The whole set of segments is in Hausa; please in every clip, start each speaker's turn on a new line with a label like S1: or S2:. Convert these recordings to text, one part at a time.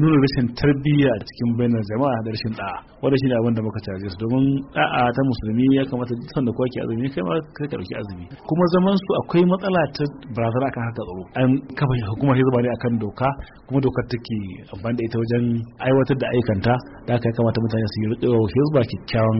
S1: nuna rashin tarbiyya a cikin bayanan jama'a da rashin da'a wanda shine abin da muka caje su domin da'a ta musulmi ya kamata duk sanda kowa ke azumi kai ma ka dauki azumi kuma zaman su akwai matsala ta barazana akan haka tsaro an kafa hukumar hizba ne akan doka kuma dokar take amfani da ita wajen aiwatar da aikanta da aka ya kamata mutane su yi rikewa hizba kyakkyawan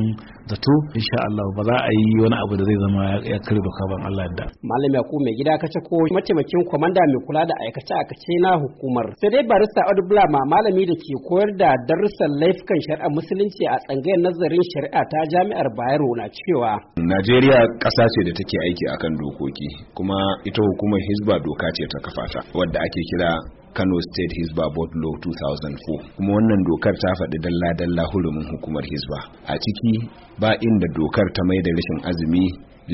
S1: zato insha Allah ba za a yi wani abu da zai zama ya kare doka ban Allah da.
S2: malam yaku mai gida kace ko mataimakin kwamanda mai kula da aikace aikace na hukumar sai dai barista ma malami da ke koyar da darussan laifukan shari'a musulunci a tsangayar nazarin shari'a ta jami'ar bayero na cewa
S3: najeriya ƙasa ce da take aiki a kan dokoki kuma ita hukumar Hisba doka ce ta kafata wadda ake kira Kano State Hizba Board Law 2004 kuma wannan dokar ta faɗi dalla-dalla hurumin hukumar Hisba, a ciki ba inda dokar ta mai da rashin azumi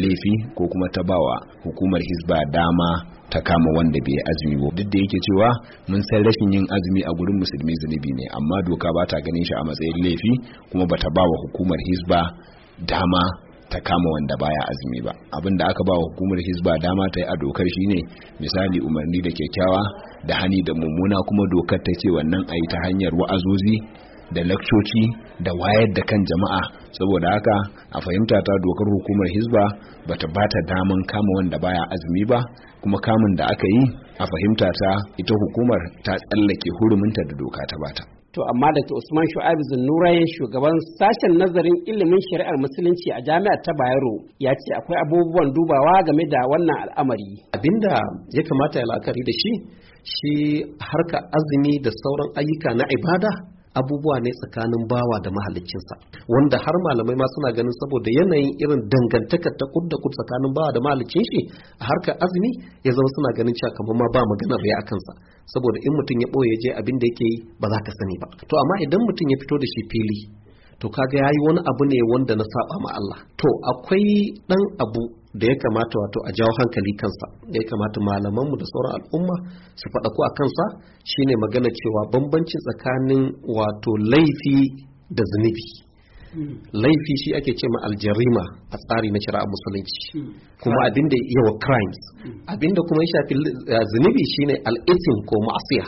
S3: laifi ko kuma ta bawa hukumar Hisba dama ta kama wanda bai azumi ba duk da yake cewa mun san rashin yin azumi a gurin musulmi zunubi ne amma doka ba ta ganin shi a matsayin laifi kuma bata ba wa hukumar hisba dama ta kama wanda baya azumi ba abin da aka ba wa hukumar hisba dama ta yi a dokar shine misali umarni da kyakkyawa da hani da mummuna kuma dokar ta ce wannan a ta hanyar wa'azozi da lakcoci da wayar da kan jama'a saboda haka a fahimta ta dokar hukumar hizba bata bata daman kama wanda baya azumi ba kuma kamun da aka yi a fahimta ta ita hukumar ta tsallake huruminta da doka ta bata
S2: to amma da Usman Shu'aib ya shugaban sashen nazarin ilimin shari'ar musulunci a jami'ar ta Bayero ya ce akwai abubuwan dubawa game da wannan al'amari abinda ya kamata ya la'akari da shi shi harka azumi da sauran
S4: ayyuka na ibada abubuwa ne tsakanin bawa da mahaliccinsa wanda har malamai ma suna ganin saboda yanayin irin dangantaka ta kudda kud tsakanin bawa da mahaliccin shi a harkar azumi ya zama suna ganin cewa kamar ma ba maganar ya akansa saboda in mutum ya ɓoye je abin da yake yi ba za ka sani ba to amma idan mutum ya fito da shi fili to kaga yayi wani abu ne wanda na saba ma Allah to akwai dan abu da ya kamata wato a jawo hankali kansa da ya kamata malamanmu da sauran al'umma su faɗa faɗaku a kansa shine magana cewa bambancin tsakanin wato laifi da zunubi laifi shi ake ce ma aljarima a tsari na shari'a musulunci kuma abin da yawa crimes abin da kuma ya shafi eh, zunubi shine al'isin ko ma'asiya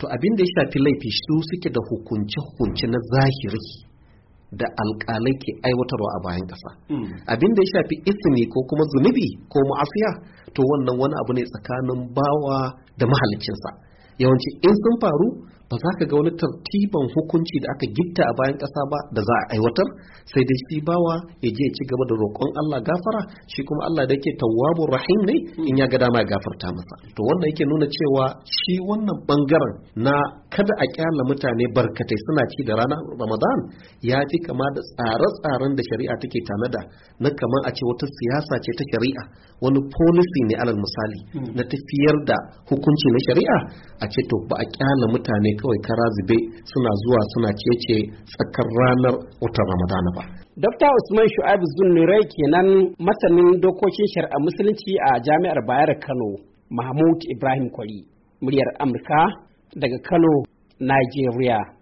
S4: to abin da ya shafi laifi su suke da hukunce-hukunce na zahiri da alƙalai ke aiwatarwa a bayan ƙasa hmm. abin da ya shafi isini ko kuma zunubi ko ma'afiya to wannan wani abu ne tsakanin bawa da mahaliccinsa yawanci in sun faru ba za ka ga wani tartiban hukunci da aka gitta a bayan ƙasa ba da za a aiwatar sai dai shi bawa ya je ci gaba da roƙon Allah gafara shi kuma Allah da yake tawwabur rahim ne in ya ga dama ya gafarta masa to wannan yake nuna cewa shi wannan bangaren na kada a kyala mutane barkatai suna ci da rana Ramadan ya fi kama da tsare-tsaren da shari'a take tanada na kamar a ce wata siyasa ce ta shari'a wani policy ne alal misali hmm. na tafiyar da hukunci na shari'a a ce to ba a kyala mutane kawai kara zube suna zuwa suna cece tsakar ranar watan ramadana ba
S2: Dr. Usman Shu'aib Zunnurai kenan masanin dokokin shari'a musulunci a Jami'ar Bayar Kano, Mahmud Ibrahim Kwari, muryar Amurka daga Kano,
S4: Nigeria.